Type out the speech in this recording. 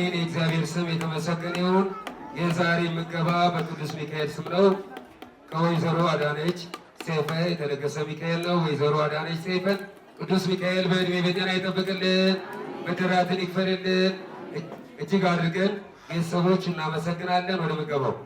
አሜን። የእግዚአብሔር ስም የተመሰገነ ይሁን። የዛሬ ምገባ በቅዱስ ሚካኤል ስም ነው። ከወይዘሮ አዳነች ሴፈ የተለገሰ ሚካኤል ነው። ወይዘሮ አዳነች ሴፈን ቅዱስ ሚካኤል በእድሜ በጤና ይጠብቅልን፣ ብድራትን ይክፈልልን። እጅግ አድርገን ቤተሰቦች እናመሰግናለን። ወደ ምገባው